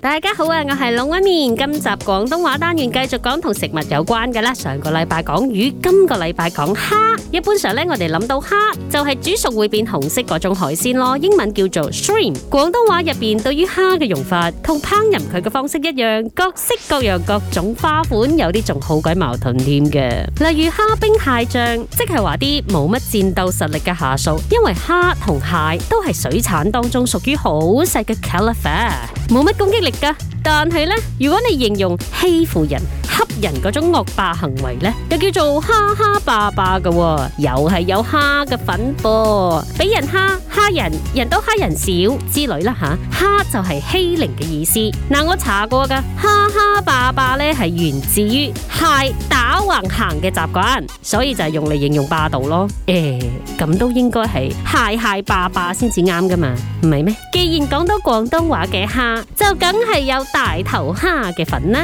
大家好啊！我係龍紋敏，今集廣東話單元繼續講同食物有關嘅啦。上個禮拜講魚，今個禮拜講蝦。一般上咧，我哋諗到蝦就係、是、煮熟會變紅色嗰種海鮮咯。英文叫做 shrimp。廣東話入邊對於蝦嘅用法，同烹飪佢嘅方式一樣，各式各樣各種花款，有啲仲好鬼矛盾添嘅。例如蝦兵蟹將，即係話啲冇乜戰鬥實力嘅下屬，因為蝦同蟹都係水產當中屬於好細嘅 caliber。冇乜攻擊力㗎，但係呢，如果你形容欺負人人嗰種惡霸行為呢，又叫做蝦蝦霸霸噶，又係有蝦嘅粉噃、哦。俾人蝦蝦人，人多蝦人少之類啦吓，蝦、啊、就係欺凌嘅意思。嗱、啊，我查過噶，蝦蝦霸霸呢係源自於蟹打橫行嘅習慣，所以就係用嚟形容霸道咯。誒、欸，咁都應該係蟹蟹霸霸先至啱噶嘛，唔係咩？既然講到廣東話嘅蝦，就梗係有大頭蝦嘅粉啦。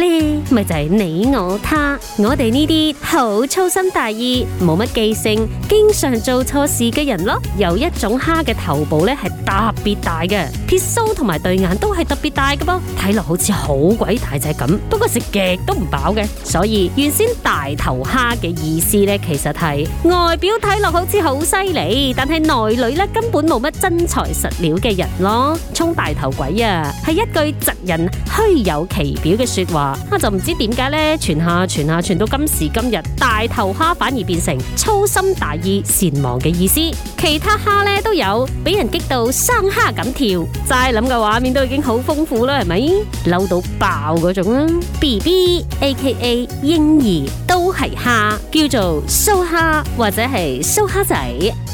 呢咪就係、是、你我他，我哋呢啲好粗心大意、冇乜記性、經常做錯事嘅人咯。有一種蝦嘅頭部咧係特別大嘅，撇鬚同埋對眼都係特別大嘅噃，睇落好似好鬼大隻咁，不過食極都唔飽嘅。所以原先大頭蝦嘅意思咧，其實係外表睇落好似好犀利，但係內裏咧根本冇乜真材實料嘅人咯，充大頭鬼啊，係一句窒人虛有其表嘅說話。哈，就唔知點解咧，傳下傳下傳到今時今日,大頭蝦反而變成粗心大意、善忘嘅意思。其他蝦咧都有俾人激到生蝦咁跳，齋諗嘅畫面都已經好豐富啦，係咪？嬲到爆嗰種啊！BB、AKA、嬰兒。都係蝦，叫做酥蝦或者係酥蝦仔。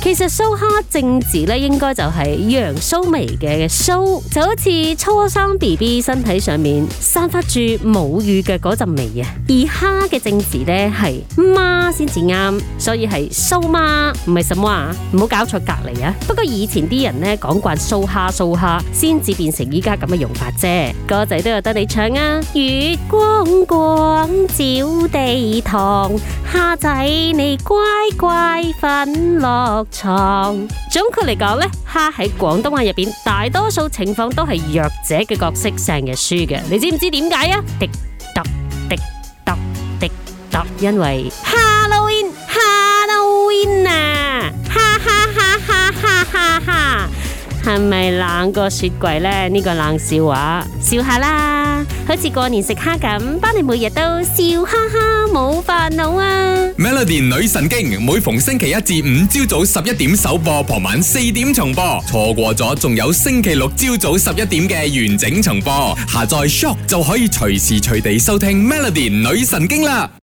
其實酥蝦正字咧，應該就係羊酥味嘅酥，就好似初生 B B 身體上面散發住母乳嘅嗰陣味啊。而蝦嘅正字咧係媽先至啱，所以係酥媽唔係什麼啊，唔好搞錯隔離啊。不過以前啲人咧講慣酥蝦酥蝦，先至變成依家咁嘅用法啫。歌仔都有得你唱啊！月光光照地堂，蝦仔，你乖乖瞓落床。總括嚟講呢，蝦喺廣東話入邊，大多數情況都係弱者嘅角色，成日輸嘅。你知唔知點解啊？滴答、滴答、滴答，因為蝦咯。係咪冷個雪櫃呢？呢個冷笑話，笑下啦，好似過年食蝦咁，幫你每日都笑哈哈，冇煩惱啊！Melody 女神經，每逢星期一至五朝早十一點首播，傍晚四點重播，錯過咗仲有星期六朝早十一點嘅完整重播，下載 Shop 就可以隨時隨地收聽 Melody 女神經啦。